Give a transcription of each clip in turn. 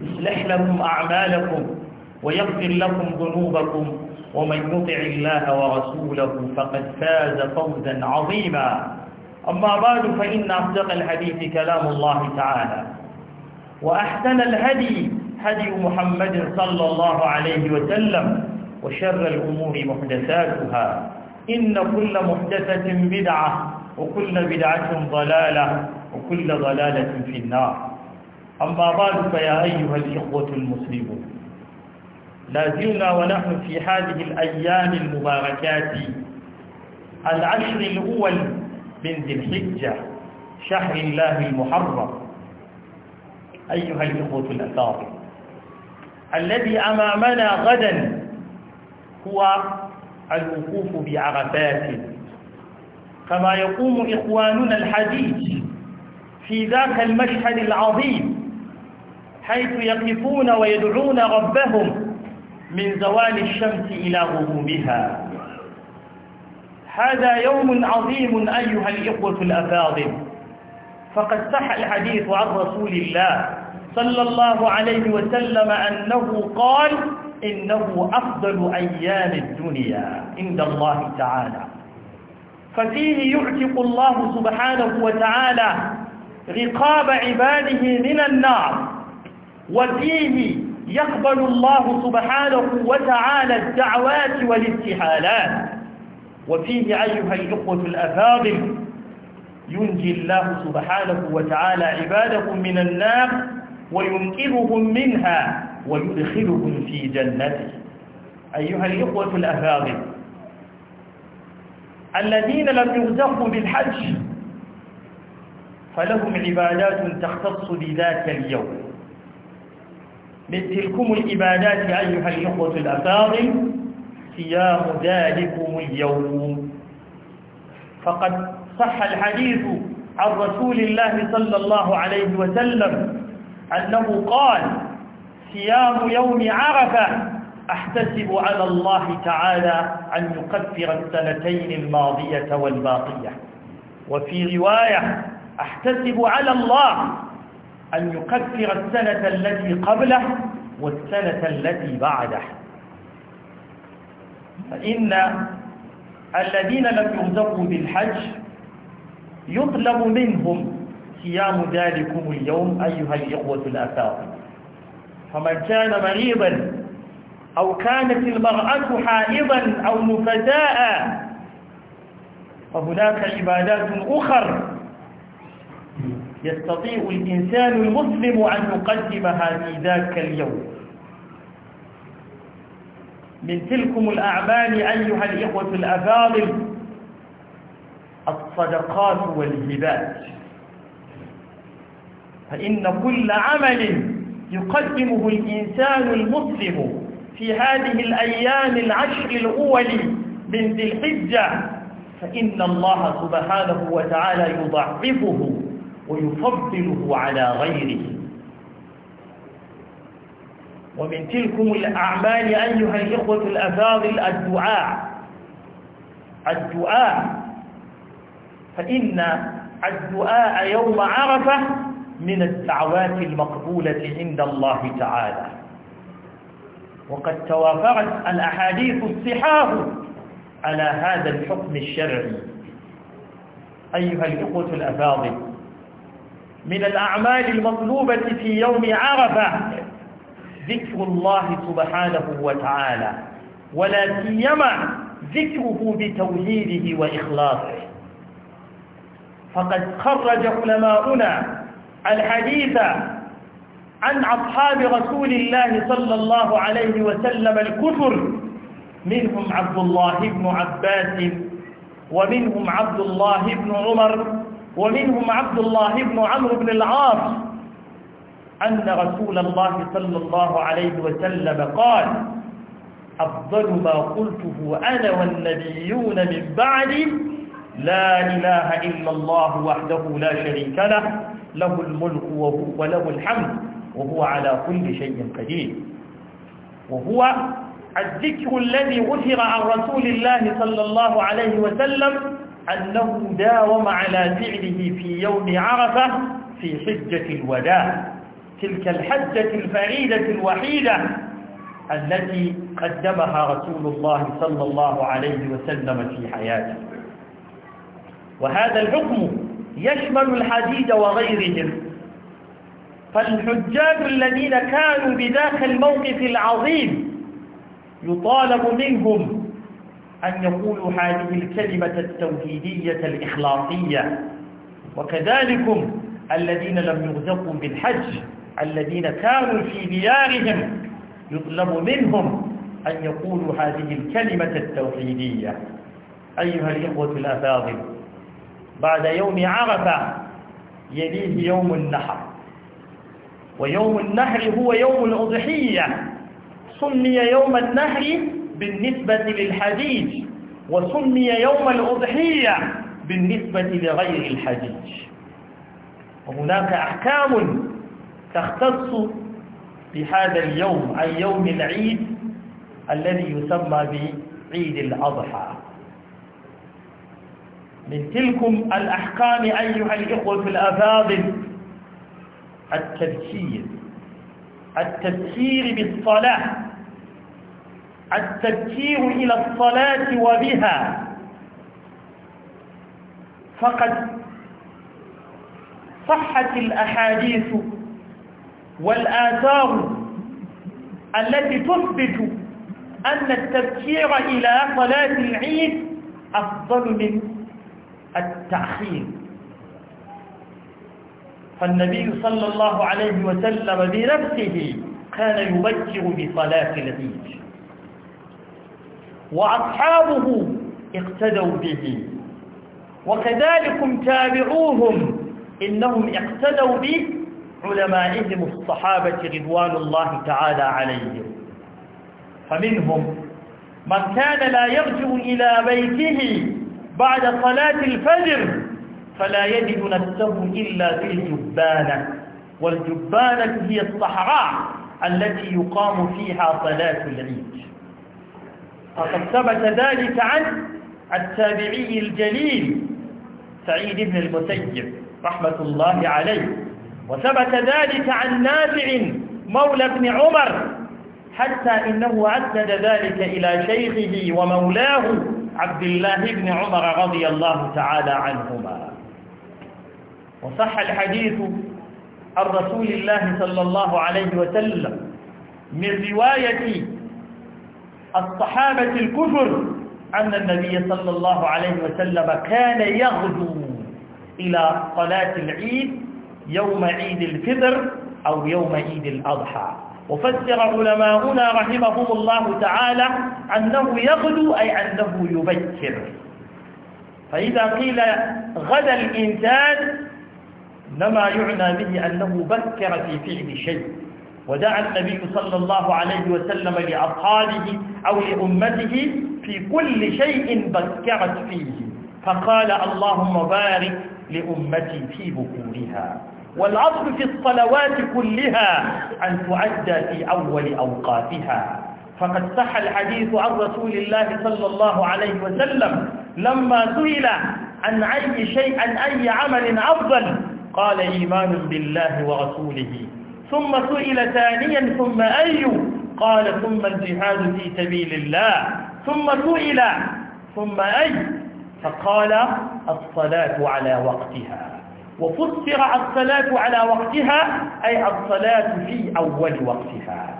يصلح لكم أعمالكم ويغفر لكم ذنوبكم ومن يطع الله ورسوله فقد فاز فوزا عظيما أما بعد فإن أصدق الحديث كلام الله تعالى وأحسن الهدي هدي محمد صلى الله عليه وسلم وشر الأمور محدثاتها إن كل محدثة بدعة وكل بدعة ضلالة وكل ضلالة في النار أما بعد فيا أيها الإخوة المسلمون لا زلنا ونحن في هذه الأيام المباركات العشر الأول من ذي الحجة شهر الله المحرم أيها الإخوة الأثار الذي أمامنا غدا هو الوقوف بعرفات كما يقوم إخواننا الحديث في ذاك المشهد العظيم حيث يقفون ويدعون ربهم من زوال الشمس إلى غروبها هذا يوم عظيم أيها الإخوة الأفاضل فقد صح الحديث عن رسول الله صلى الله عليه وسلم أنه قال إنه أفضل أيام الدنيا عند الله تعالى ففيه يعتق الله سبحانه وتعالى رقاب عباده من النار وفيه يقبل الله سبحانه وتعالى الدعوات والابتحالات وفيه أيها الإخوة الأفاضل ينجي الله سبحانه وتعالى عباده من النار وينقذهم منها ويدخلهم في جنته أيها الإخوة الأفاضل الذين لم يرزقوا بالحج فلهم عبادات تختص بذاك اليوم من تلكم الإبادات أيها الإخوة الأفاضل صيام ذلكم اليوم فقد صح الحديث عن رسول الله صلى الله عليه وسلم أنه قال صيام يوم عرفة أحتسب على الله تعالى أن يكفر السنتين الماضية والباقية وفي رواية أحتسب على الله أن يكفر السنة التي قبله والسنة التي بعده فإن الذين لم يرزقوا بالحج يطلب منهم صيام ذلكم اليوم أيها الإخوة الأفاضل فمن كان مريضا أو كانت المرأة حائضا أو مفتاء فهناك عبادات أخر يستطيع الإنسان المسلم أن يقدمها في ذاك اليوم من تلكم الأعمال أيها الإخوة الأفاضل الصدقات والهبات فإن كل عمل يقدمه الإنسان المسلم في هذه الأيام العشر الأول من ذي الحجة فإن الله سبحانه وتعالى يضعفه ويفضله على غيره ومن تلكم الأعمال أيها الإخوة الأفاضل الدعاء الدعاء فإن الدعاء يوم عرفة من الدعوات المقبولة عند الله تعالى وقد توافرت الأحاديث الصحاب على هذا الحكم الشرعي أيها الإخوة الأفاضل من الأعمال المطلوبة في يوم عرفة ذكر الله سبحانه وتعالى ولا سيما ذكره بتوحيده وإخلاصه فقد خرج علماؤنا الحديث عن أصحاب رسول الله صلى الله عليه وسلم الكثر منهم عبد الله بن عباس ومنهم عبد الله بن عمر ومنهم عبد الله بن عمرو بن العاص أن رسول الله صلى الله عليه وسلم قال أفضل ما قلته أنا والنبيون من بعدي لا إله إلا الله وحده لا شريك له له الملك وله الحمد وهو على كل شيء قدير وهو الذكر الذي غفر عن رسول الله صلى الله عليه وسلم أنه داوم على فعله في يوم عرفة في حجة الوداع تلك الحجة الفريدة الوحيدة التي قدمها رسول الله صلى الله عليه وسلم في حياته وهذا الحكم يشمل الحديد وغيرهم فالحجاج الذين كانوا بذاك الموقف العظيم يطالب منهم أن يقولوا هذه الكلمة التوحيدية الإخلاصية وكذلك الذين لم يغزقوا بالحج الذين كانوا في ديارهم يطلب منهم أن يقولوا هذه الكلمة التوحيدية أيها الإخوة الأفاضل بعد يوم عرفة يليه يوم النحر ويوم النحر هو يوم الأضحية سمي يوم النحر بالنسبة للحجيج وسمي يوم الأضحية بالنسبة لغير الحجيج وهناك أحكام تختص بهذا اليوم أي يوم العيد الذي يسمى بعيد الأضحى من تلكم الأحكام أيها الإخوة في الأفاضل التبكير التبكير بالصلاة التبكير إلى الصلاة وبها فقد صحت الأحاديث والآثار التي تثبت أن التبكير إلى صلاة العيد أفضل من التأخير فالنبي صلى الله عليه وسلم بنفسه كان يبكر بصلاة العيد وأصحابه اقتدوا به وكذلك تابعوهم إنهم اقتدوا بعلمائهم الصحابة رضوان الله تعالى عليهم فمنهم من كان لا يرجع إلى بيته بعد صلاة الفجر فلا يجد نفسه إلا في الجبانة والجبانة هي الصحراء التي يقام فيها صلاة العيد فقد ثبت ذلك عن التابعي الجليل سعيد بن المسيب رحمة الله عليه وثبت ذلك عن نافع مولى بن عمر حتى إنه أسند ذلك إلى شيخه ومولاه عبد الله بن عمر رضي الله تعالى عنهما وصح الحديث عن رسول الله صلى الله عليه وسلم من رواية الصحابة الكفر أن النبي صلى الله عليه وسلم كان يغدو إلى صلاة العيد يوم عيد الفطر أو يوم عيد الأضحى وفسر علماؤنا رحمهم الله تعالى أنه يغدو أي أنه يبكر فإذا قيل غدا الإنسان لما يعنى به أنه بكر في فعل شيء ودعا النبي صلى الله عليه وسلم لأصحابه أو لأمته في كل شيء بكرت فيه فقال اللهم بارك لأمتي في بكورها والعطف في الصلوات كلها أن تعدى في أول أوقاتها فقد صح الحديث عن رسول الله صلى الله عليه وسلم لما سئل عن أي شيء عن أي عمل أفضل قال إيمان بالله ورسوله ثم سئل ثانيا ثم أي قال ثم الجهاد في سبيل الله ثم سئل ثم أي فقال الصلاة على وقتها وفسر الصلاة على وقتها أي الصلاة في أول وقتها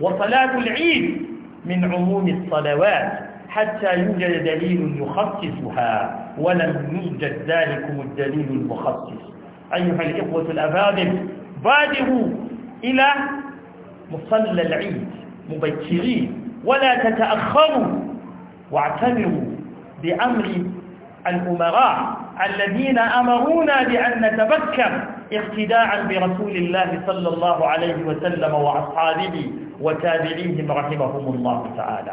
وصلاة العيد من عموم الصلوات حتى يوجد دليل يخصصها ولم يوجد ذلكم الدليل المخصص أيها الإخوة الأفاضل بادروا إلى مصلى العيد مبكرين ولا تتأخروا واعتبروا بأمر الأمراء الذين أمرونا بأن نتبكر اقتداعا برسول الله صلى الله عليه وسلم وأصحابه وتابعيهم رحمهم الله تعالى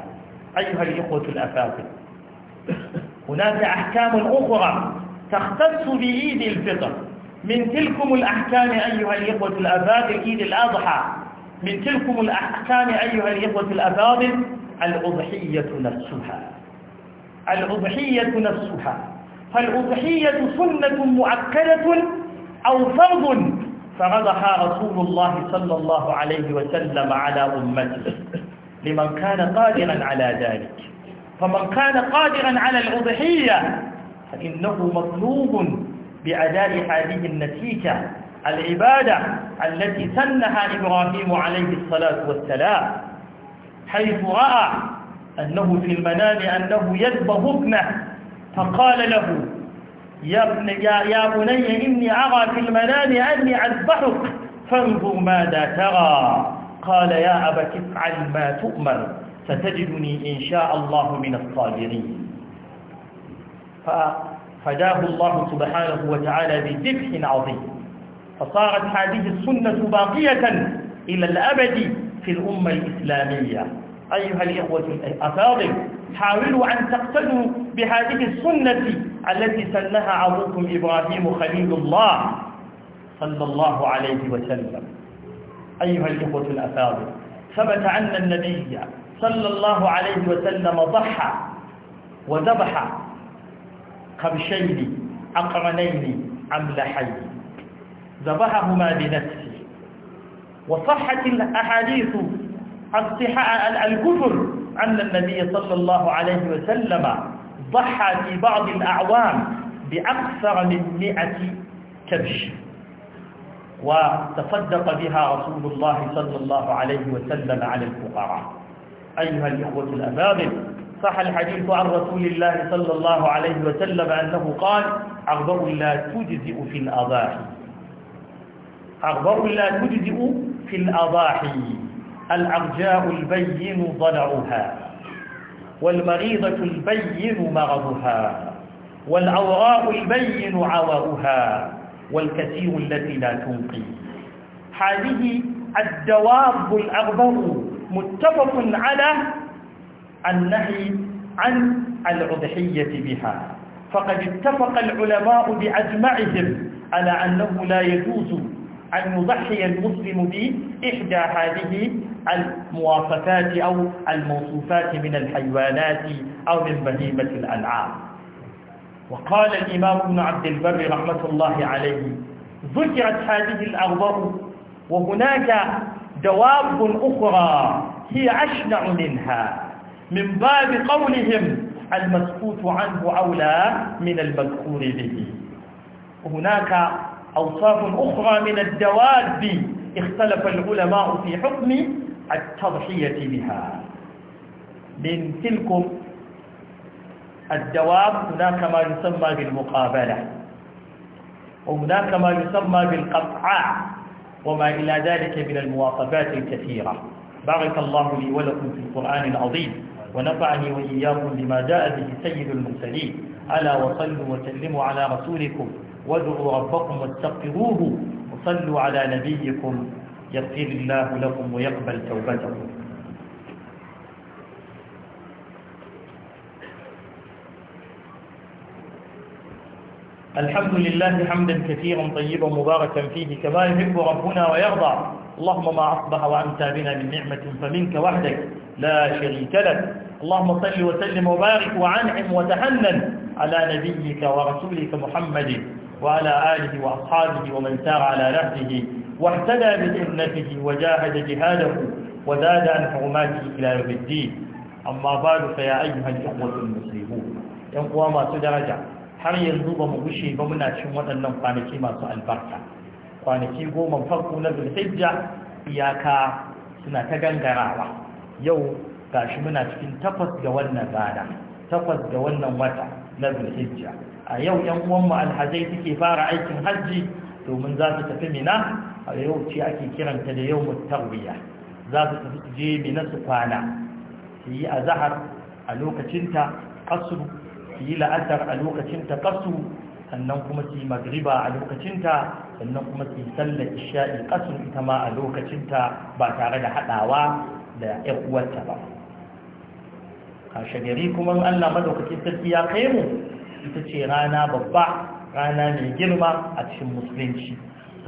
أيها الإخوة الأفاضل هناك أحكام أخرى تختص بعيد الفطر من تلكم الأحكام أيها الإخوة الأفاضل عيد الأضحى من تلكم الأحكام أيها الإخوة الأفاضل الأضحية نفسها الأضحية نفسها فالأضحية سنة مؤكدة أو فرض فرضها رسول الله صلى الله عليه وسلم على أمته لمن كان قادرا على ذلك فمن كان قادرا على الأضحية فإنه مطلوب بأداء هذه النتيجة العبادة التي سنها إبراهيم عليه الصلاة والسلام حيث رأى أنه في المنام أنه يذبه ابنه فقال له يا, ابن يا, يا بني إني أرى في المنام أني أذبحك فانظر ماذا ترى قال يا أبت افعل ما تؤمر ستجدني إن شاء الله من الصابرين فداه الله سبحانه وتعالى بذبح عظيم فصارت هذه السنة باقية إلى الأبد في الأمة الإسلامية أيها الإخوة الأفاضل حاولوا أن تقتدوا بهذه السنة التي سنها عبدكم إبراهيم خليل الله صلى الله عليه وسلم أيها الإخوة الأفاضل ثبت أن النبي صلى الله عليه وسلم ضحى وذبح قبشين أقرنين أملحين ذبحهما بنفسه وصحت الأحاديث الصحاء الكفر أن النبي صلى الله عليه وسلم ضحى في بعض الأعوام بأكثر من مئة كبش وتصدق بها رسول الله صلى الله عليه وسلم على الفقراء أيها الإخوة الأبابل صح الحديث عن رسول الله صلى الله عليه وسلم أنه قال أغبر لا تجزئ في الأضاحي أغبر لا تجزئ في الأضاحي الأرجاء البين ضلعها والمريضة البين مرضها والعوراء البين عورها والكثير التي لا تنقي هذه الدواب الأغبر متفق على النهي عن العضحية بها فقد اتفق العلماء بأجمعهم على أنه لا يجوز أن يضحي المسلم بإحدى هذه المواصفات أو الموصوفات من الحيوانات أو من بهيمة الألعاب وقال الإمام ابن عبد البر رحمة الله عليه ذكرت هذه الأرض وهناك دواب أخرى هي أشنع منها من باب قولهم المسكوت عنه أولى من المذكور به وهناك أوصاف أخرى من الدواب اختلف العلماء في حكم التضحية بها من تلكم الدواب هناك ما يسمى بالمقابلة وهناك ما يسمى بالقطعاء وما إلى ذلك من المواصفات الكثيرة بارك الله لي ولكم في القرآن العظيم ونفعني وإياكم بما جاء به سيد المرسلين ألا وصلوا وسلموا على رسولكم وادعوا ربكم واستغفروه وصلوا على نبيكم يغفر الله لكم ويقبل توبتكم الحمد لله حمدا كثيرا طيبا مباركا فيه كما يحب ربنا ويرضى اللهم ما أصبح وأمتى بنا من نعمة فمنك وحدك لا شريك لك اللهم صل وسلم وبارك وعنعم وتحنن على نبيك ورسولك محمد وعلى آله وأصحابه ومن سار على نهجه واهتدى بسنته وجاهد جهاده وزاد عن حرماته إلى يوم الدين أما بعد فيا أيها الإخوة المسلمون إن ما سدرجع حري الظلم وشي بمنا gushe ba muna كيما سؤال بركة kwanaki goma farko na zulhijja iyaka suna ta gangarawa yau gashi muna cikin takwas ga wannan rana takwas ga wannan wata na zulhijja a yau yan mu alhazai suke fara aikin hajji domin za su tafi mina a yau ce ake kiranta da yau mutarwiya za su tafi je mina su kwana su yi azahar a lokacinta kasu su yi la'asar a lokacinta kasu sannan kuma su yi magriba a lokacinta sannan kuma su yi sallar isha'i kasu ita ma a lokacinta ba tare da haɗawa da ‘yan uwarta ba kashe gari kuma allah madaukakin sarki ya kai mu ita ce rana babba rana mai girma a cikin musulunci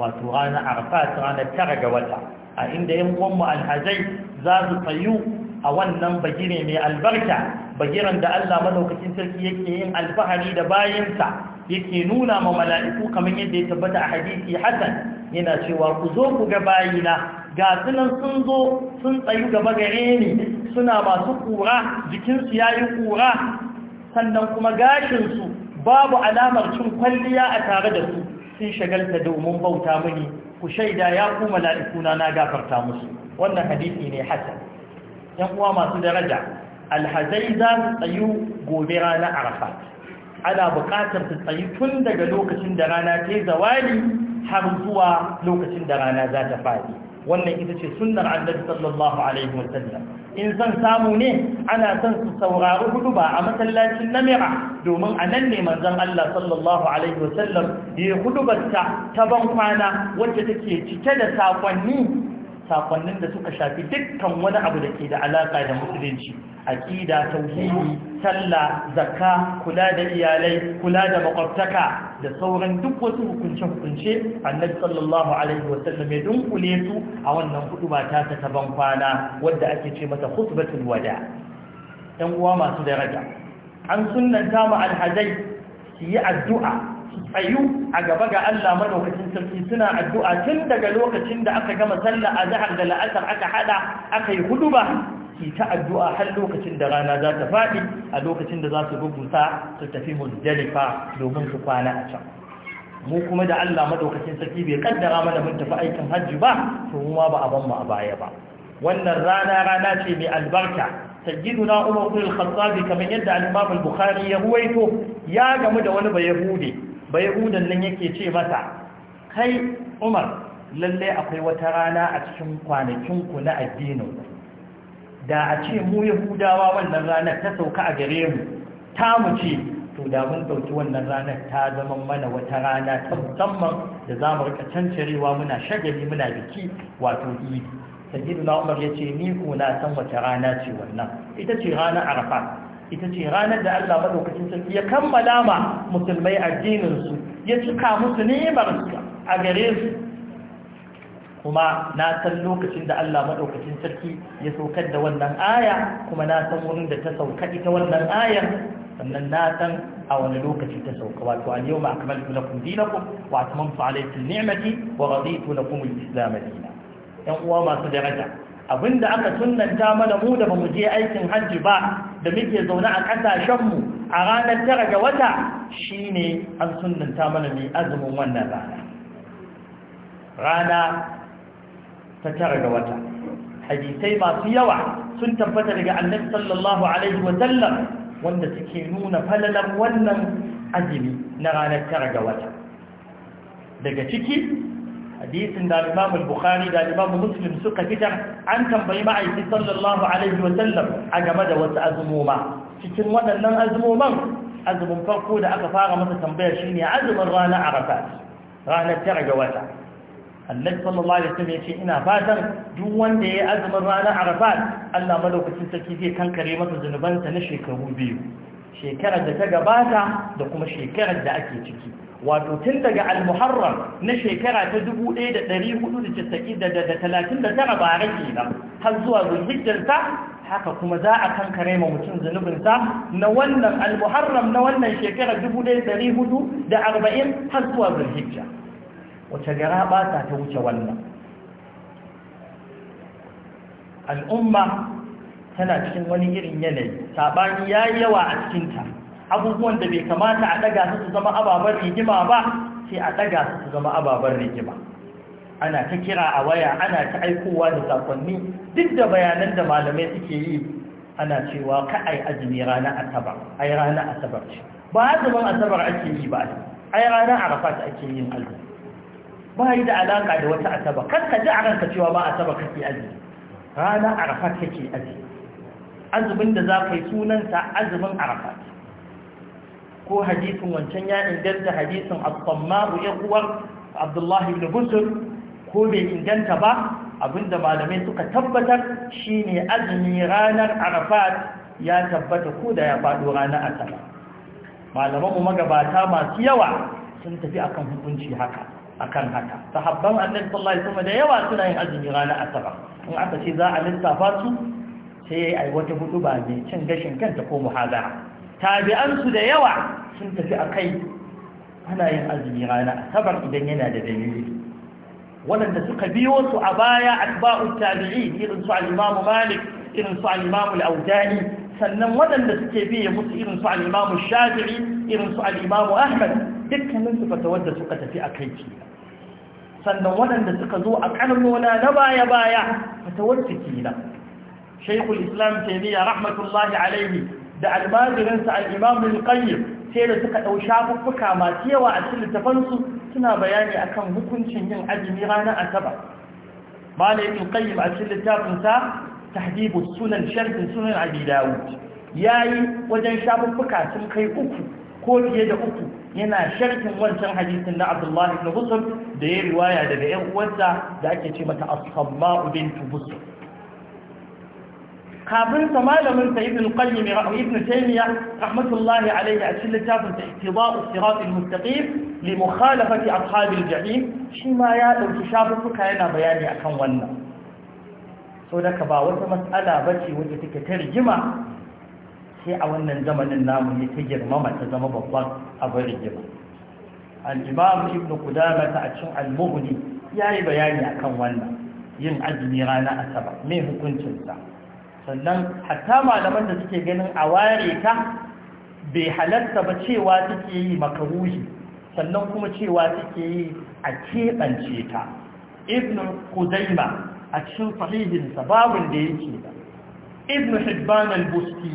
wato rana arfa ta ranar tara ga wata a inda yan uwanmu alhazai za su fayu a wannan bagire mai albarka bagiran da allah madaukakin sarki yake yin alfahari da bayansa yake nuna ma mala'iku kamar yadda ya tabbata a hadisi Hassan. yana cewa ku zo ku ga bayina ga sunan sun zo sun tsayu gaba gare ni suna masu kura jikin su yayi kura sannan kuma gashin su babu alamar cin kwalliya a tare da su sun shagalta domin bauta mini ku shaida ya ku mala'iku na gafarta musu wannan hadisi ne hasan yan uwa masu daraja alhazai za su tsayu gobe ranar arafat ana buƙatar su tsayi tun daga lokacin da rana ta zawali har zuwa lokacin da rana za ta faɗi wannan ita ce sunnar annabi sallallahu alaihi wasallam in zan samu ne ana son su saurari hudu ba a masallacin namira domin a nan ne manzon Allah sallallahu alaihi wasallam ya hudubarta ta ban kwana wacce take cike da sakonni sakonnin da suka shafi dukkan wani abu da ke da alaƙa da musulunci aƙida tauhidi sallah zakka kula da iyalai kula da makwabtaka da sauran duk wasu hukunce hukunce annabi sallallahu alaihi sallam ya dunkule su a wannan ba ta ta ban kwana wadda ake ce mata khutbatul wada ɗan uwa masu daraja an sunnanta mu alhazai su yi addu'a tsayu a gaba ga Allah maɗaukacin sarki suna addu'a tun daga lokacin da aka gama sallah a zahar da la'asar aka haɗa, aka yi hudu ba ki ta addu'a har lokacin da rana za ta faɗi a lokacin da za su rubuta su tafi muzdalifa domin su kwana a can mu kuma da Allah maɗaukacin sarki bai ƙaddara mana mun tafi aikin hajji ba to mu ma ba a ban mu a baya ba wannan rana rana ce mai albarka سيدنا عمر بن الخطاب كما يدعى الإمام البخاري يهويته يا جمد ya bude. bai hudan nan yake ce masa kai umar lalle akwai wata rana a cikin kwanakinku na addinin da a ce mu yahudawa wannan ranar ta sauka a gare mu ta mu ce to da mun dauki wannan ranar ta zama mana wata rana ta musamman da za mu rika cancarewa muna shagali muna biki wato idi sajidu na umar ya ce ni ko na san wata rana ce wannan ita ce ranar arafa. ita ce ranar da Allah madaukakin sarki ya kammala ma musulmai addininsu ya cika musu nimarsu a gare su kuma na san lokacin da Allah madaukakin sarki ya saukar da wannan aya kuma na san wurin da ta sauka ita wannan ayar sannan na san a wani lokaci ta sauka wato al yawma akmaltu lakum dinakum wa atmamtu alaykum ni'mati wa raditu lakum al-islam dinan yan uwa masu daraja abinda aka sunnanta mana mu da bamu je aikin hajji ba da muke zaune a ƙasashenmu a ranar tara ga wata shi ne an sunanta mana mai azumin wannan rana rana ta tara ga wata hadisai masu yawa sun tabbata daga annabi sallallahu alaihi wasallam wanda suke nuna falalan wannan azumi na ranar tara ga wata daga ciki hadisin da Imam Bukhari da Imam Muslim suka fita an tambayi ma'aiki sallallahu alaihi wa sallam a game da wasu azumoma cikin waɗannan azumoman azumin farko da aka fara masa tambaya shine azumin rana Arafat ranar tara ga wata Allah sallallahu alaihi wasallam yace ina fatan duk wanda yayi azumin ranar Arafat Allah madaukakin sarki zai kankare masa zunubansa na shekaru biyu shekarar da ta gabata da kuma shekarar da ake ciki wato tun daga al-muharram na shekara ta 1439 ba rage ba har zuwa zulhijjarsa haka kuma za a kankare ma mutum zunubinsa na wannan al-muharram na wannan shekara 1440 har zuwa zulhijja wace gara ba ta wuce wannan al'umma tana cikin wani irin yanayi sabani yayi yawa a cikinta abubuwan da bai kamata a daga su su zama ababar rigima ba sai a daga su su zama ababar rigima ana ta kira a waya ana ta aikowa da sakonni duk da bayanan da malamai suke yi ana cewa ka ai azumi ranar asabar ai ranar asabar ce ba azumin asabar ake yi ba ai ranar arafat ake yin azumi ba yi da alaka da wata Asabar. kan ka ji a ranka cewa ba asaba kake azumi Rana arafat kake azumi azumin da za ka yi sunanta azumin arafat ko hadisin wancan ya inganta hadisin al-sammaru ya kuwar abdullahi ibn busur ko bai inganta ba abinda malamai suka tabbatar shine azumi ranar arafat ya tabbata ko da ya faɗo ranar asaba malamanmu magabata masu yawa sun tafi akan hukunci haka akan haka sahabban annabi sallallahu alaihi wasallam da yawa suna yin azumi ranar asaba in aka ce za a lissafa su sai yayi ai wata hudu ba ne cin gashin kanta ko muhadara tabi'ansu da yawa sun tafi a kai ana yin azumi rana asabar idan yana da dalili waɗanda suka biyo su a baya atba'u tabi'i irin su Malik irin su al-Imam sannan waɗanda suke biye musu irin su Shafi'i irin su Ahmad dukkanin su fata wanda suka tafi a kai ce sannan waɗanda suka zo a karnona na baya baya fata wanda ke nan Shaykhul Islam Taymiyyah rahmatullahi alaihi da almajirinsa al-imam sai da suka ɗau shafuffuka masu yawa a cikin littafansu suna bayani akan hukuncin yin azumi ranar Asaba. malamin al-qayyim a cikin littafinsa tahdibu sunan sharfin sunan abi dawud yayi wajen shafuffuka sun kai uku ko fiye da uku yana sharfin wancan hadisin na Abdullahi ibn Busr da ya riwaya daga 'yan uwarsa da ake ce mata As-Samma bint kafin sa malamin sa ibn qayyim ibn taymiya rahmatullahi alayhi a cikin littafin sa ittiba'u siratil mustaqim li mukhalafati ashabil shi ma ya dauki shafuffuka yana bayani akan wannan so daga ba wata mas'ala bace wacce take ta rigima sai a wannan zamanin namu ne ta girmama ta zama babban abin rigima al-imam ibn qudamah a cikin al-mughni yayi bayani akan wannan yin azumi rana asabar me hukuncinsa sannan hatta malaman da suke ganin a ware ta bai halarta ba cewa suke yi makaruhi sannan kuma cewa suke yi a keɓance ta ibn kuzaima a cikin sahihinsa babin da yake da ibn hibban al-busti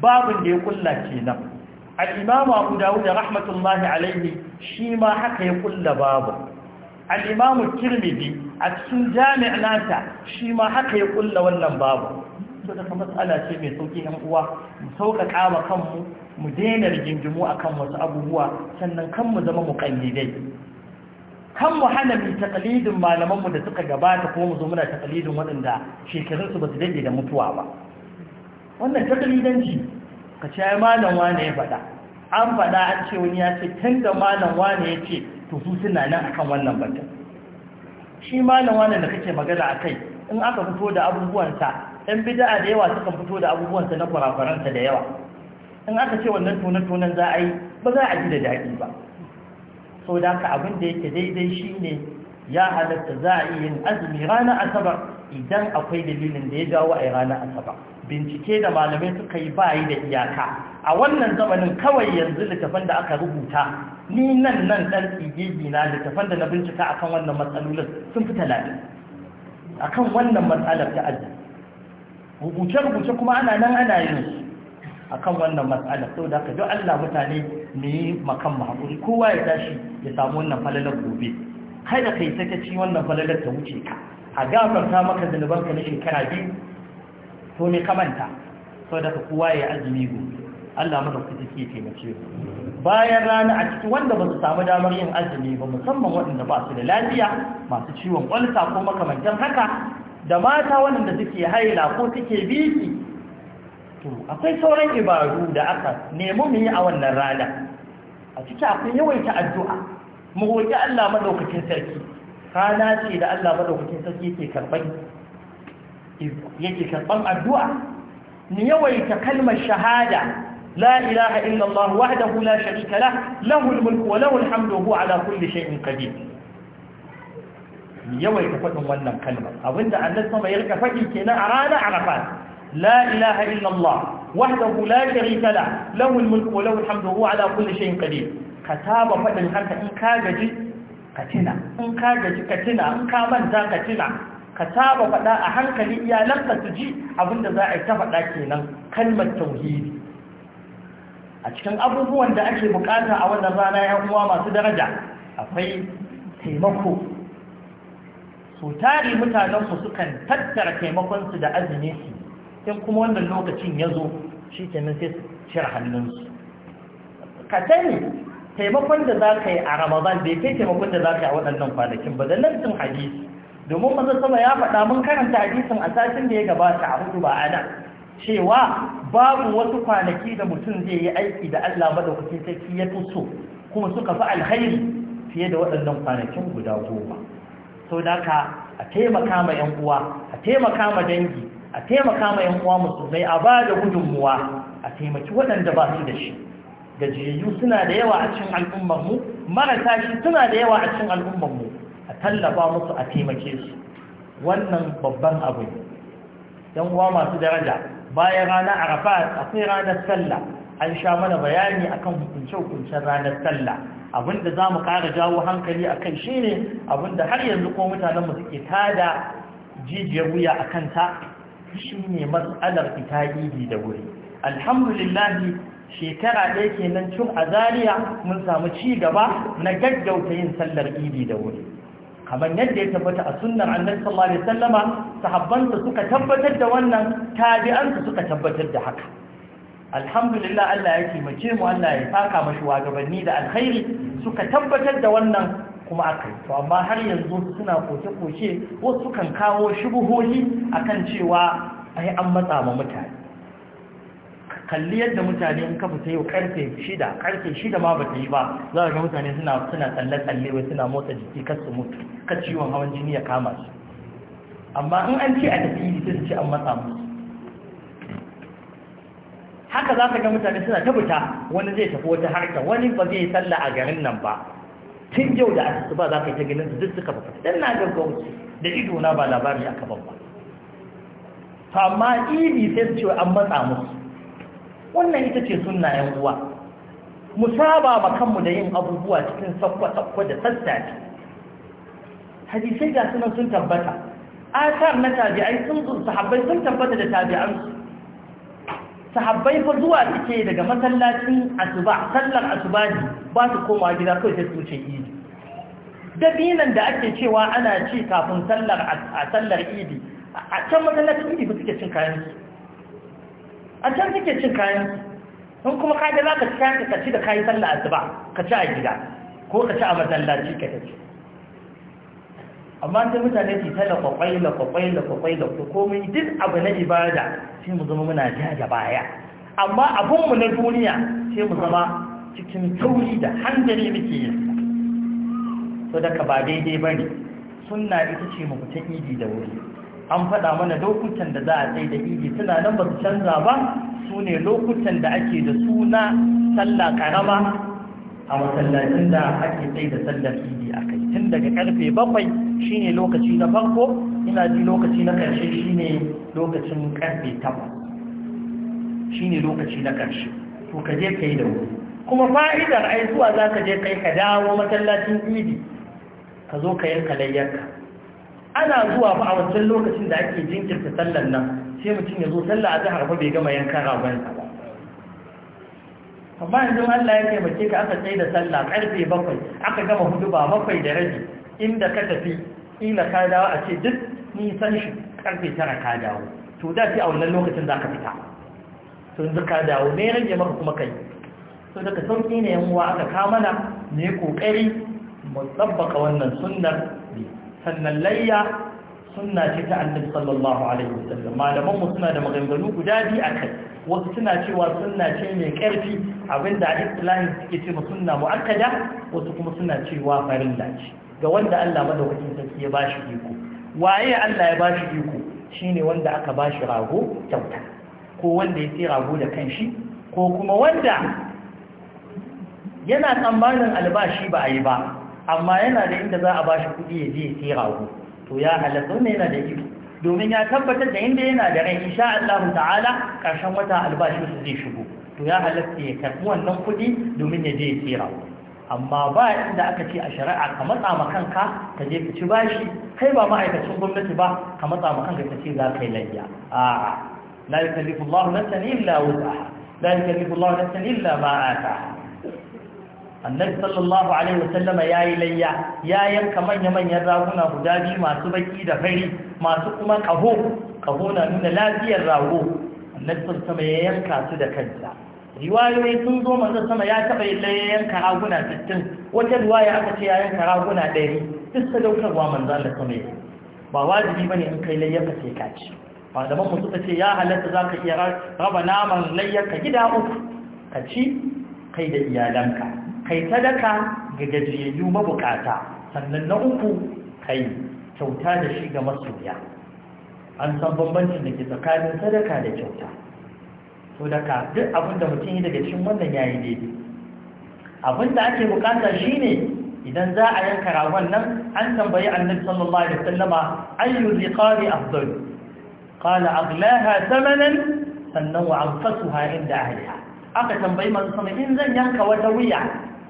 babin da ya kulla kenan al-imam abu dawud rahmatullahi alaihi shi ma haka ya kulla babu al-imam tirmidhi a cikin jami'a nata shi ma haka ya ƙulla wannan babu to daga matsala ce mai sauƙi yan uwa mu sauƙaƙa wa kanmu mu daina rigingimu a kan wasu abubuwa sannan kan mu zama kan mu hana mu taqlidin malaman mu da suka gabata ko mu zo muna taqlidin waɗanda shekarun su basu da mutuwa ba wannan taqlidanci ka ce malam wane ya faɗa an faɗa an ce wani ya ce tun da malam wane ya ce to su suna nan akan wannan batun shi malam wannan da kake magana a kai in aka fito da abubuwansa ɗan bida'a da yawa suka fito da abubuwansa na kwarafaransa da yawa in aka ce wannan tonan za a yi ba za a ji da daɗi ba so da ka abin da yake daidai shi ne ya halatta za a yi yin azumi ranar asabar idan akwai dalilin da ya jawo a yi ranar asabar bincike da malamai suka yi bayi da iyaka a wannan zamanin kawai yanzu littafin da aka rubuta ni nan nan ɗan tsigigi na littafin da na bincika akan wannan matsalolin sun fi talatin akan wannan matsalar ta aji rubuce-rubuce kuma ana nan ana yin su akan wannan matsalar sau da aka ji Allah mutane ne yi makan mahaƙuri kowa ya tashi ya samu wannan falalar gobe da kai sakaci wannan falalar ta wuce ka a gafarta maka zanubanka na shekara biyu to ne kamanta sau daga kowa ya azumi gobe Allah mana ku take ku bayan rana a cikin wanda ba su samu damar yin azumi ba musamman waɗanda ba su da lafiya masu ciwon kwalta ko makamantan haka da mata waɗanda suke haila ko suke biki to akwai sauran ibadu da aka nemi mu yi a wannan rana a ciki akwai yawaita addu'a mu roƙi Allah madaukakin sarki rana ce da Allah madaukakin sarki ke karɓar yake karban addu'a ni yawaita kalmar shahada la ilaha illallah wahdahu la sharika lah lahul mulku wa lahul hamdu huwa ala ni yawaita fadin wannan kalmar abinda Allah sama yarka fadi kenan a rana arafat la ilaha illallah wahdahu la sharika lah lahul mulku wa lahul hamdu huwa ala ka taba faɗin harka in ka gaji ka tina in ka gaji ka tina in ka manta ka tina ka saba faɗa a hankali iyalanka su ji abinda za a yi ta faɗa kenan kalmar tauhidi a cikin abubuwan da ake bukata a wannan rana ya kuma masu daraja akwai taimako so tari sukan tattara taimakonsu da azumi su in kuma wannan lokacin ya zo shi kenan sai su cire hannunsu ka sani taimakon da za ka yi a ramadan bai kai taimakon da za ka yi a waɗannan kwanakin ba da lantin hadisi domin manzo sama ya faɗa mun karanta hadisin a satin da ya gabata a hudu ba ana cewa babu wasu kwanaki da mutum zai yi aiki da Allah madaukakin sai ya tuso kuma suka fi alkhairi fiye da waɗannan kwanakin guda goma sau da a taimaka ma yan uwa a taimaka ma dangi a taimaka ma yan uwa musulmai a ba da gudunmuwa a taimaki waɗanda ba su da shi gajiyayyu suna da yawa a cikin al'ummarmu marasa shi suna da yawa a cikin al'ummarmu tallafa musu a taimake su wannan babban abu ne yan uwa masu daraja bayan rana arafat akwai ranar sallah an sha mana bayani akan hukunce-hukuncen ranar sallah abinda za mu ƙara jawo hankali a kan shi ne abinda har yanzu ko mutanenmu suke tada jijiyar wuya a kanta shi ne matsalar fita idi da wuri alhamdulillahi shekara ɗaya kenan cin a zariya mun samu ci gaba na gaggauta yin sallar idi da wuri kamar yadda ya tabbata a sunnar annabi sallallahu alaihi wasallama sahabbansa suka tabbatar da wannan tabi'ansa suka tabbatar da haka alhamdulillah Allah ya taimake mu Allah ya saka mashi wagabanni da alkhairi suka tabbatar da wannan kuma aka to amma har yanzu suna koke-koke wasu kan kawo shubuhohi akan cewa ai an matsa ma mutane kalli yadda mutane in ka fita yau karfe shida karfe shida ma bata yi ba za ga mutane suna suna tsalle tsalle wai suna motsa jiki kar su mutu kar ciwon hawan jini ya kama su amma in an ce a tafi yi sai su ce an matsa musu haka za ka ga mutane suna ta fita wani zai tafi wata harka wani ba zai sallah a garin nan ba tun yau da asusu ba za ka yi ta ganin su duk suka fita dan na gaggauci da ido na ba labari aka ban ba to amma idi sai su ce an matsa musu wannan ita ce sunna yan uwa mu saba ma kanmu da yin abubuwa cikin sakwa-sakwa da sassafe hadisai ga sunan sun tabbata asar na tabi'ai sun zo sahabbai sun tabbata da tabi'ansu sahabbai fa zuwa suke daga masallacin asuba sallar asuba ne ba su koma gida kawai ta tuce idi dabinan da ake cewa ana ci kafin sallar a sallar idi a can masallacin idi ba suke cin kayan su a can suke cin kayan in kuma da za ka ci kayan ka ci da kayan sallah asuba ka ci a gida ko ka ci a masallaci ka ci amma sai mutane su ta da kwakwai da kwakwai da kwakwai da komai duk abu na ibada sai mu zama muna ja da baya amma abinmu na duniya sai mu zama cikin tauri da hanzari muke yin so daga ba daidai ba ne sunna ita ce mu ta idi da wuri an faɗa mana lokutan da za a tsaye da idi suna nan ba su canza ba su ne lokutan da ake da suna sallah karama a masallacin da ake tsaye da sallar idi a kai tun daga karfe bakwai shine lokaci na farko ina ji lokaci na ƙarshe shine lokacin karfe takwas shine lokaci na ƙarshe to ka je kai da wuri kuma fa'idar ai za ka je kai ka dawo masallacin idi ka zo ka yanka layyarka ana zuwa fa a wancan lokacin da ake jinkirta sallan nan sai mutum ya zo sallah a jihar fa bai gama yankan ragon ba amma yanzu Allah ya taimake ka aka tsaye da sallah karfe bakwai aka gama hudu ba bakwai da rabi inda ka tafi ila ka dawo a ce duk nisan shi karfe tara ka dawo to da sai a wannan lokacin za ka fita to yanzu ka dawo me rage maka kuma kai to daga sauki ne yan uwa aka ka mana ne kokari mu tsabbaka wannan sunnar sannan layya sunna ce ta annabi sallallahu alaihi wasallam malaman mu suna da maganganu guda biyu akai wasu suna cewa sunna ce mai karfi abinda islamin suke ce sunna muakkada wasu kuma suna cewa farin ce ga wanda Allah madaukakin sarki ya bashi iko waye Allah ya bashi iko shine wanda aka bashi rago kyauta ko wanda ya sai rago da kanshi ko kuma wanda yana tsammanin albashi ba a yi ba amma yana da inda za a ba shi kuɗi ya je ya sai rago to ya halatta wannan yana da iko domin ya tabbatar da inda yana da rai insha Allah ta'ala ƙarshen wata albashin su zai shigo to ya halatta ya karɓi wannan kuɗi domin ya je ya sai rago amma ba inda aka ce a shari'a ka matsa ma kanka ka je ka ci bashi kai ba ma'aikacin gwamnati ba ka matsa ma kanka ka ce za ka yi layya a'a la yukallifu Allahu nafsan illa wuta. la yukallifu Allahu nafsan illa ma annabi sallallahu alaihi wasallama yayi layya ya yanka manya manyan raguna guda biyu masu baki da fari masu kuma kaho kaho na nuna lafiyar rago annabi sallallahu ya yanka su da kansa riwayoyi sun zo manzo sama ya taba layya yanka raguna 60 wata riwaya aka ce ya yanka raguna 100 duk sadaukarwa manzo Allah sama ya ba wajibi bane in kai layya ka sai ka ci malaman mu suka ce ya halatta ka iya raba naman layyar ka gida uku ka ci kai da iyalanka kai sadaka ga gajiyayyu mabukata sannan na uku kai kyauta da shi ga masoya an san bambancin da ke tsakanin sadaka da kyauta so daga duk abin da mutum yi daga cikin wannan ya yi daidai abin da ake bukata shi ne idan za a yanka ragon nan an tambayi annabi sallallahu alaihi wasallama ayyu liqari afdal qala aglaha thamanan sannan wa anfasuha inda ahliha aka tambayi manzo sama in zan yanka wata wuya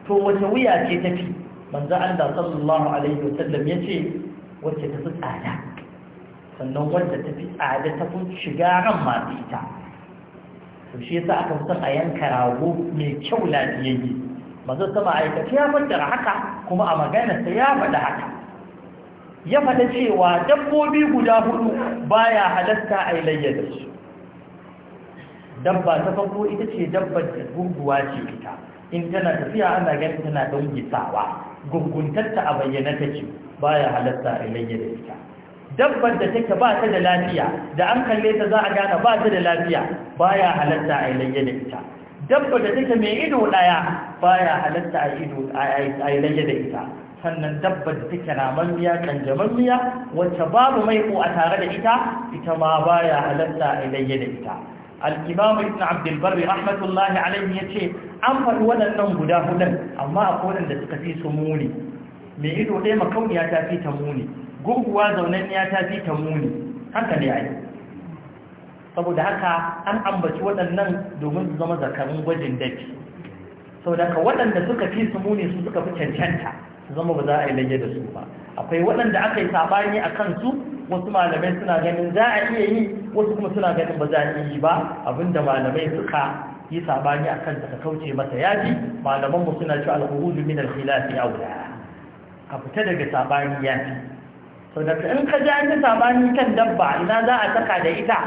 to wata wuya ce tafi manzo Allah sallallahu alaihi ya yace wacce fi tsada sannan wacce tafi tsada fi shiga ran masu ita to shi yasa aka san a yanka rago mai kyau lafiyayye manzo sama aikace ya faɗa haka kuma a maganarsa ya faɗa haka ya faɗa cewa dabbobi guda hudu baya halatta a ilayya da su dabba ta farko ita ce dabbar da gurguwa ce ita in tana tafiya ana ganin tana don gisawa gunguntarta a bayyana take ya halatta ilayya da ita dabbar da take ba ta da lafiya da an kalle ta za a gane ba ta da lafiya baya halatta a ilayya da ita dabba da take mai ido daya baya halatta a ido a ilayya da ita sannan dabbar da take namammiya kanjamammiya wacce babu mai ko a tare da ita ita ma baya halatta a ilayya da ita al-imam ibn abd al-barr rahmatullahi alayhi yace an faɗi waɗannan guda hudun amma akwai waɗanda suka fi su muni mai ido ɗaya makauniya ta fi ta muni gurguwa zaunanniya ta fi ta muni haka ne a yi saboda haka an ambaci waɗannan domin su zama zakarun gwajin daji sau da waɗanda suka fi su muni su suka fi cancanta su zama ba za a yi lage da su ba akwai waɗanda aka yi saɓani a kansu wasu malamai suna ganin za a iya yi wasu kuma suna ganin ba za a iya yi ba abinda malamai suka yi sabani a kanta ka kauce mata yafi malaman mu suna cewa alhuhudu min al aula ka fita daga sabani yafi sau da in ka ji an sabani kan dabba ina za a saka da ita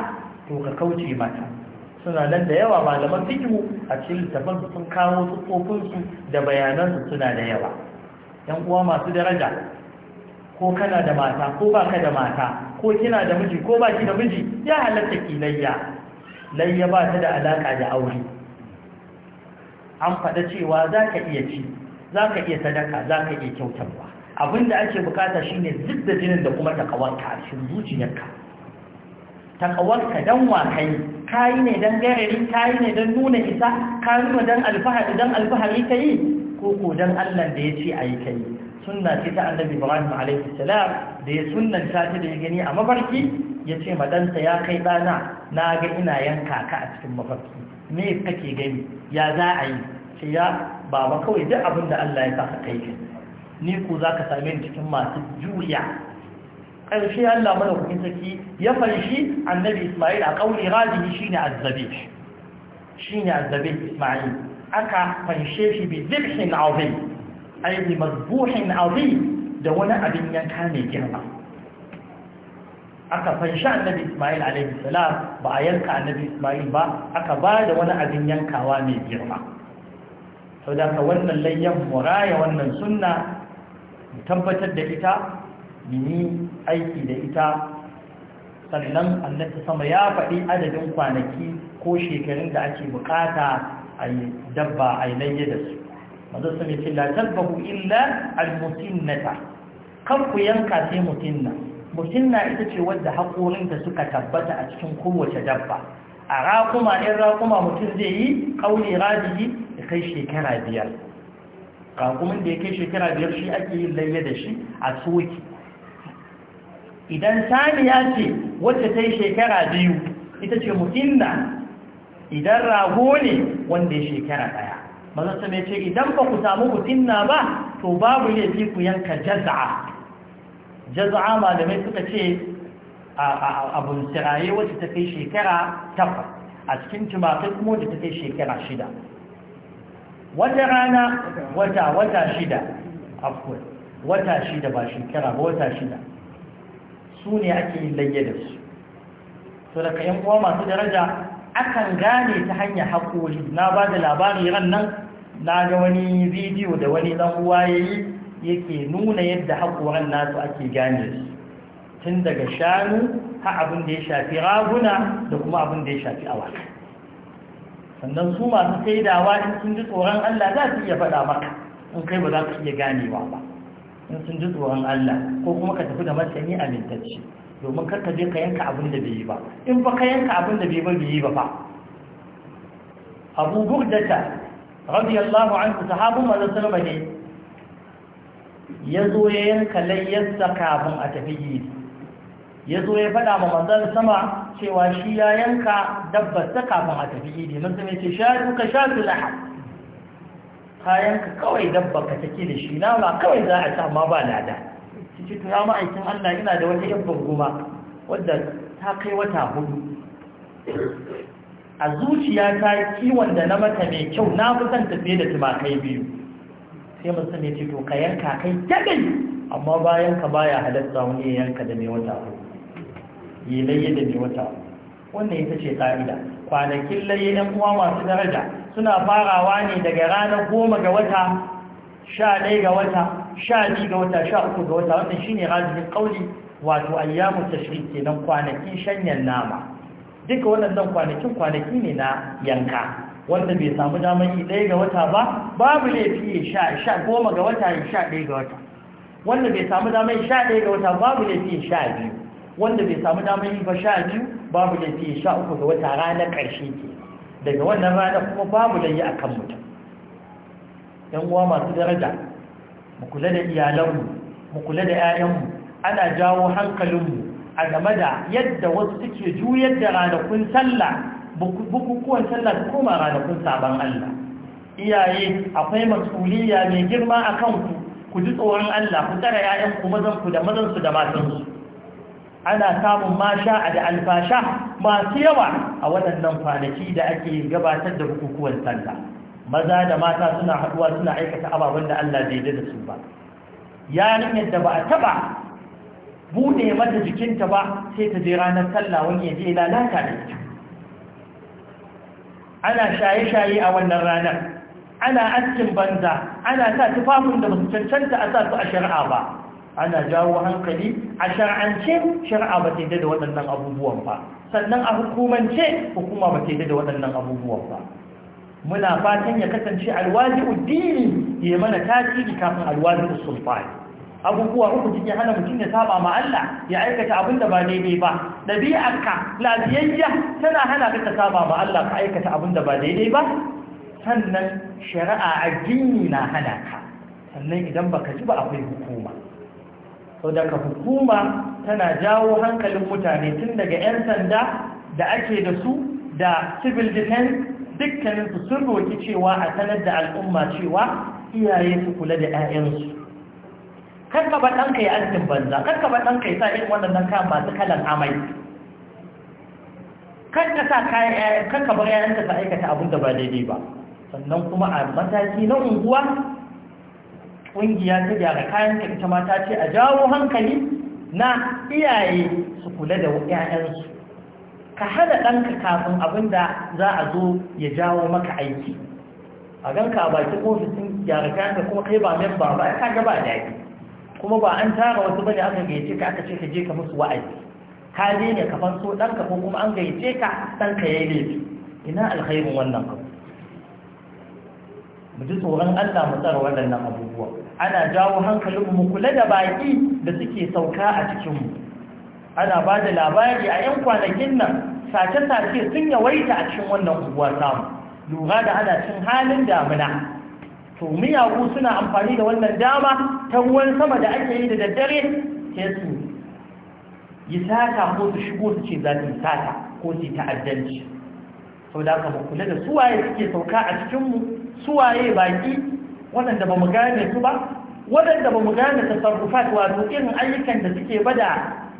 to ka kauce mata suna nan da yawa malaman fikihu a cikin littafin sun kawo tsofinsu da bayanansu suna da yawa yan uwa masu daraja ko kana da mata ko baka da mata ko kina da miji ko baki da miji ya halatta kilayya layya ba ta da alaƙa da aure an faɗa cewa za ka iya ci za ka iya sadaka za ka iya kyautarwa abinda ake bukata shine duk da jinin da kuma takawarka a cikin zuciyarka takawarka don wakai kayi ne don garari kayi ne don nuna isa ka nuna don alfahari don alfahari ka yi ko ko don allah da ya ce a yi ka yi sunna ce ta annabi ibrahim alaihi salam da ya sunnanta ta da ya gani a mafarki ya ce maɗansa ya kai ɗana na ga ina yanka ka a cikin mafarki me kake gani ya za a yi ce ya baba kawai duk abin da Allah ya saka kai ka. ni ku za ka same ni cikin masu juriya ƙarshe Allah mana kuɗin saki ya farshi annabi Ismail a ƙauni rajin shi ne azzabe shi ne azzabe Ismail aka fanshe shi bi zibhin azim ai mazbuhin azim da wani abin yanka mai girma aka fanshi annabi Ismail alaihi salam ba a yanka annabi Ismail ba aka ba da wani abin yankawa mai girma sau da ka wannan layyan muraya wannan sunna mu tabbatar da ita yi aiki da ita sannan annabi sama ya faɗi adadin kwanaki ko shekarun da ake bukata a yi dabba a yi layya da su mazu sun yi ce la illa al-musinnata kan ku yanka sai mutinna musinna ita ce wadda haƙorinta suka tabbata a cikin kowace dabba a raƙuma ɗin raƙuma mutum zai yi ƙauni rabi'i ya kai shekara biyar raƙumin da ya kai shekara biyar shi ake yin layya da shi a soki idan saniya ce wacce ta yi shekara biyu ita ce musinna idan rago ne wanda ya shekara ɗaya mazasta mai ce idan ba ku samu musinna ba to babu laifi ku yanka jaza'a jaza'a malamai suka ce a bunsiraye wacce ta kai shekara takwas a cikin tumakai kuma wacce ta kai shekara shida wata rana wata wata shida afuwar wata shida ba shekara ba wata shida su ne ake yin layya da su to daga yan uwa masu daraja akan gane ta hanyar haƙori na ba da labari ran nan na ga wani bidiyo da wani ɗan uwa ya yi yake nuna yadda haƙoran nasu ake gane su tun daga shanu ha abin da ya shafi raguna da kuma abin da ya shafi awaki sannan su masu saidawa in sun ji tsoron Allah za su iya faɗa maka in kai ba za su iya ganewa ba in sun ji tsoron Allah ko kuma ka tafi da masani amintacce domin karka ka je ka yanka abin da bai yi ba in ba ka yanka abin da bai ba bai yi ba fa abu burdata radiyallahu anhu sahabun manzon sallama ne ya zo ya yanka layyarsa kafin a tafi gidi ya zo ya faɗa ma manzan sama cewa shi ya yanka dabbarsa kafin a tafi gidi mun zama ce sha duka sha su laha yanka kawai dabba ka take da shi nama kawai za a ci amma ba lada cikin tura ma'aikin allah ina da wata yabban goma wadda ta kai wata hudu a zuciya ta kiwon da na mata mai kyau na fi son tafiye da tumakai biyu sai mutum ya ce to ka yanka kai jagai amma bayan ka baya halatta wani ya yanka da mai wata yi layi da mai wata wannan ita ce ƙa'ida kwanakin layi ɗan uwa masu daraja suna farawa ne daga ranar goma ga wata sha ɗaya ga wata sha biyu ga wata sha uku ga wata wannan shine rajin ƙauli wato ayyamu tashrik kenan kwanakin shanyan nama duka wannan kwanakin kwanaki ne na yanka wanda bai samu damar yi ɗaya ga wata ba babu laifi ya sha sha goma ga wata ya sha ɗaya ga wata wanda bai samu damar yi sha ɗaya ga wata babu laifi ya sha biyu wanda bai samu damar yi ba sha biyu babu laifi ya sha uku ga wata ranar ƙarshe ke daga wannan rana kuma babu laifi a kan mutum yan uwa masu daraja mu kula da iyalanmu mu kula da 'ya'yanmu ana jawo hankalinmu a game da yadda wasu suke juyar da ranakun sallah bukukuwan sallah su koma ranakun sabon Allah iyaye akwai masuliya mai girma a kanku ku ji tsoron Allah ku tsara ‘ya'yanku mazanku da mazansu da matansu ana samun masha a da alfasha masu yawa a waɗannan kwanaki da ake gabatar da bukukuwan sallah maza da mata suna haɗuwa suna aikata ababen da Allah zai da su ba yarinyar da ba a taɓa bude mata jikinta ba sai ta je ranar sallah wani ya je lalata da ita ana shaye-shaye a wannan ranar ana askin banza ana sa tufafin da basu cancanta a sa su a shari'a ba ana jawo hankali a shar'ance shari'a ba ta yi da waɗannan abubuwan ba sannan a hukumance hukuma ba ta yi da waɗannan abubuwan ba muna fatan ya kasance alwaji uddini ya mana tasiri kafin alwaji usulfani abubuwa uku cikin hana mutum ya saba ma Allah ya aikata abin da ba daidai ba ɗabi'arka lafiyayya tana hana ka ta saba ma Allah ka aikata abin da ba daidai ba sannan shari'a addini na hana ka sannan idan baka ji ba akwai hukuma sau daga hukuma tana jawo hankalin mutane tun daga 'yan sanda da ake da su da civil defense dukkaninsu sun roki cewa a sanar da al'umma cewa iyaye su kula da 'ya'yansu karka ba ɗanka ya arzikin banza karka ba ɗanka ya sa irin waɗannan kayan masu kalan amai karka sa kayan karka bar yayanka ta aikata abin da ba daidai ba sannan kuma a mataki na unguwa ƙungiya ta gyara kayan ita mata ce a jawo hankali na iyaye su kula da 'ya'yansu ka hana ɗanka kafin abin da za a zo ya jawo maka aiki a ganka a bakin ofisin gyara kayan ka kuma kai ba memba ba ya kaga ba daɗi kuma ba an tara wasu bane aka gayyace ka aka ce ka je ka musu wa'azi ka je ne ka fanso ɗanka ko kuma an gayyace ka dan ya yi laifi ina alkhairin wannan abu mu ji tsoron Allah mu tsara wannan abubuwa ana jawo hankalin mu kula da baki da suke sauka a cikin mu ana ba da labari a 'yan kwanakin nan sace-sace sun yawaita a cikin wannan unguwa samu lura da ana cin halin damina to miyagu suna amfani da wannan dama ta ruwan sama da ake yi da daddare sai su yi sata ko su shigo su ce za su yi sata ko su yi ta'addanci sau da aka kula da suwaye suke sauka a cikinmu suwaye baki waɗanda ba mu gane su ba waɗanda ba mu gane ta tasarrufat wato irin ayyukan da suke bada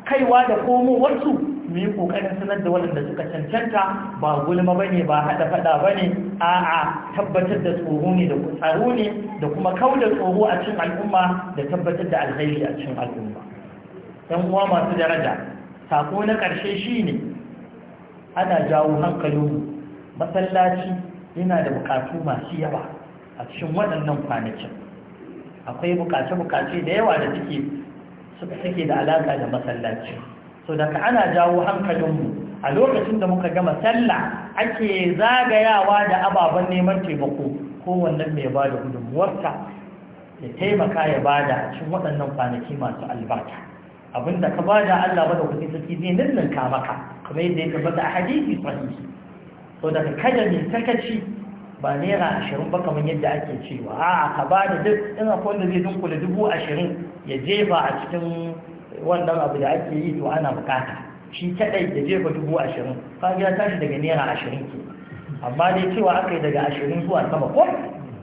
kaiwa da komowarsu mu yi kokarin sanar da waɗanda suka cancanta ba gulma ba ne ba haɗa ba ne bane a'a tabbatar da tsoro ne da tsaro ne da kuma kauda tsoro a cin al'umma da tabbatar da alhaili a cin al'umma Yan uwa masu daraja sako na ƙarshe shi ne. ana jawo hankalin masallaci yana da buƙatu masu yawa a cikin waɗannan kwanakin akwai buƙace-buƙace da yawa da suke da alaƙa da masallaci so daga ana jawo hankalinmu a lokacin da muka gama sallah ake zagayawa da ababen neman taimako kowannen mai ba da gudunmuwarsa ya taimaka ya ba da cin waɗannan kwanaki masu albarka abinda ka ba da Allah bada kuɗi saki zai ninninka maka kuma yadda ya tabbata a hadisi sahihi so daga kada mai sakaci ba naira ashirin ba kamar yadda ake cewa a'a ka ba da duk ina akwai zai dunkula dubu ashirin ya jefa a cikin wannan abu da ake yi to ana bukata shi kadai da jefa dubu ashirin kaga ya tashi daga naira ashirin ke amma dai cewa aka yi daga ashirin zuwa sama ko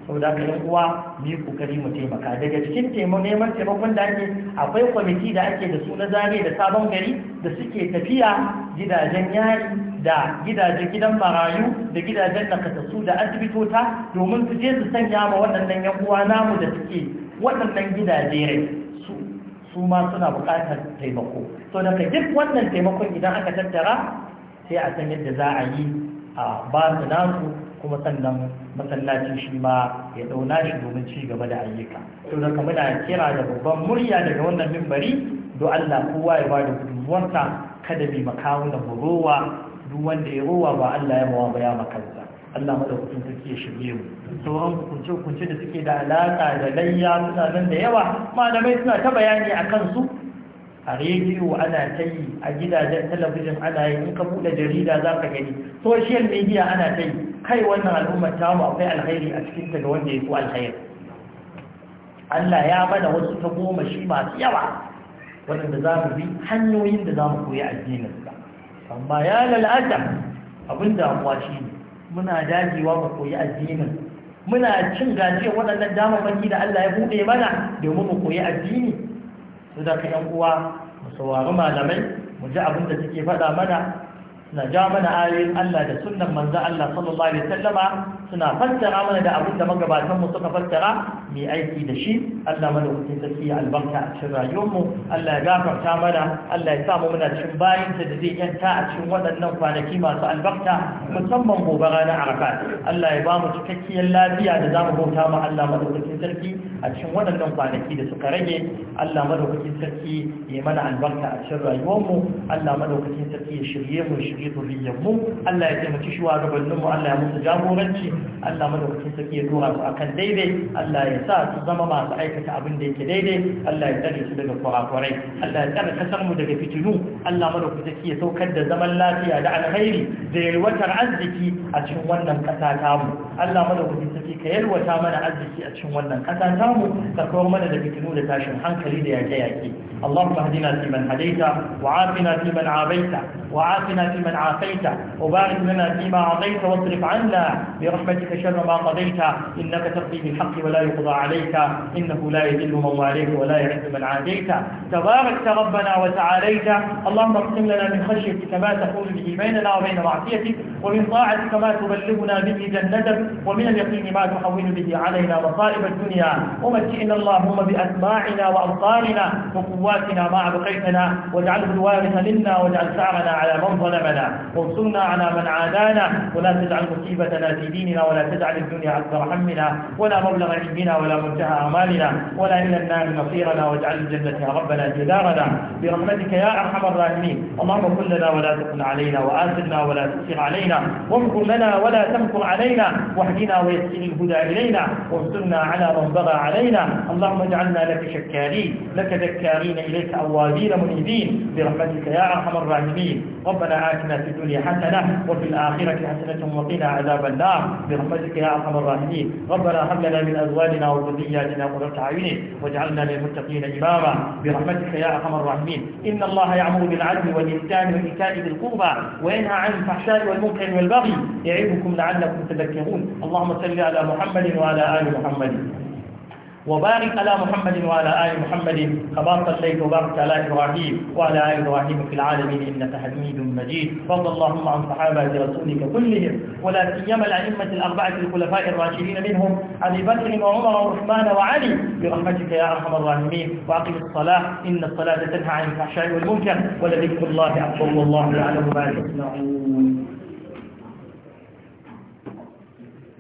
saboda ka yan uwa mu yi kokari mu taimaka daga cikin taimako neman taimakon da ake akwai kwamiti da ake da su na zane da sabon gari da suke tafiya gidajen yari da gidajen gidan marayu da gidajen nakasassu da asibitota domin su je su sanya ma waɗannan yan uwa namu da suke waɗannan gidaje rai su ma suna buƙatar taimako so daga duk wannan taimakon idan aka tattara sai a san yadda za a yi a ba su nasu kuma sannan masallaci shi ma ya dauna shi domin ci gaba da ayyuka to daga muna kira da babban murya daga wannan mimbari do Allah kowa ya ba da gudunmuwarsa kada bai makawo da rowa duk wanda ya rowa ba Allah ya mawa ba ya makansa Allah madaukakin sarki ya shirye mu sauran hukunce-hukunce da suke da alaƙa da layya mutanen da yawa malamai suna ta bayani a kansu a rediyo ana ta yi a gidajen talabijin ana yi in ka buɗe jarida za ka gani social media ana ta yi kai wannan al'ummar tamu akwai alkhairi a ta ga wanda ya fi alkhair. Allah ya mana wasu ta goma shi masu yawa waɗanda za mu bi hanyoyin da za mu koyi addininsa amma ya lalata abin damuwa shi muna dajewa mu koyi addinin muna cin gajiyar waɗannan damar damammaki da Allah ya buɗe mana domin mu koyi addini su da ka uwa mu saurari malamai mu ji abin da suke faɗa mana na ja mana ayoyin Allah da sunan manzan Allah sallallahu alaihi wasallama suna fassara mana da abin da magabatanmu suka fassara mai aiki da shi Allah mana wuce sarki ya albarka a cikin rayuwarmu Allah ya gafarta mana Allah ya samu muna cikin bayin da zai yanta a cikin waɗannan kwanaki masu albarka musamman gobe ranar arafa Allah ya ba mu cikakkiyar lafiya da za mu bauta mu. Allah madaukakin sarki a cikin waɗannan kwanaki da suka rage Allah madaukakin sarki ya mana albarka a cikin rayuwarmu Allah madaukakin sarki ya shirye mu shirye mu. Allah ya taimaki mu Allah ya musu jagoranci Allah madaukakin sarki ya dora su akan daidai Allah ya sa su zama masu aikata abin da yake daidai Allah ya tsare su daga kurakurai Allah ya tsare kasar mu daga fitinu Allah madaukakin sarki ya saukar da zaman lafiya da alkhairi da yalwatar arziki a cikin wannan kasa ta mu Allah madaukakin sarki ka yalwata mana arziki a cikin wannan kasa ta mu ka kawo mana da fitinu da tashin hankali da yaƙe-yaƙe Allahumma hadina fi man hadaita wa afina fi man abaita wa afina fi man afaita wa barik برحمتك شر ما قضيت إنك تقضي بالحق ولا يقضى عليك إنه لا يذل من واليه ولا يعز من عاديك تباركت ربنا وتعاليت اللهم اقسم لنا من خشيتك ما تقول به بيننا وبين معصيتك ومن طاعتك ما تبلغنا به جنتك ومن اليقين ما تحول به علينا مصائب الدنيا ومتئنا اللهم بأسماعنا وأبصارنا وقواتنا ما أبقيتنا واجعله الوارث منا واجعل سعرنا على من ظلمنا وانصرنا على من عادانا ولا تجعل مصيبتنا في ديننا همنا ولا تجعل الدنيا أكبر همنا ولا مبلغ علمنا ولا منتهى أمالنا ولا إلى النار مصيرنا واجعل الجنة يا ربنا جدارنا برحمتك يا أرحم الراحمين اللهم كن لنا ولا تكن علينا وآثرنا ولا تؤثر علينا وامكر لنا ولا تمكر علينا واهدنا ويسر الهدى إلينا وانصرنا على من بغى علينا اللهم اجعلنا لك شكارين لك ذكارين إليك أوابين منيبين برحمتك يا أرحم الراحمين ربنا آتنا في الدنيا حسنة وفي الآخرة حسنة وقنا عذاب النار برحمتك يا أرحم الراحمين ربنا هب لنا من أزواجنا وذرياتنا قرة أعين واجعلنا للمتقين إماما برحمتك يا أرحم الراحمين إن الله يعمر بالعدل والإحسان وإيتاء ذي القربى وينهى عن الفحشاء والمنكر والبغي يعظكم لعلكم تذكرون اللهم صل على محمد وعلى آل محمد وبارك على محمد وعلى آل محمد كما صليت وبارك على إبراهيم وعلى آل إبراهيم في العالمين إنك حميد مجيد وارض اللهم عن صحابة رسولك كلهم ولا سيما الأئمة الأربعة الخلفاء الراشدين منهم أبي بكر وعمر وعثمان وعلي برحمتك يا أرحم الراحمين وأقم الصلاة إن الصلاة تنهى عن الفحشاء والمنكر ولذكر الله أكبر والله يعلم ما تصنعون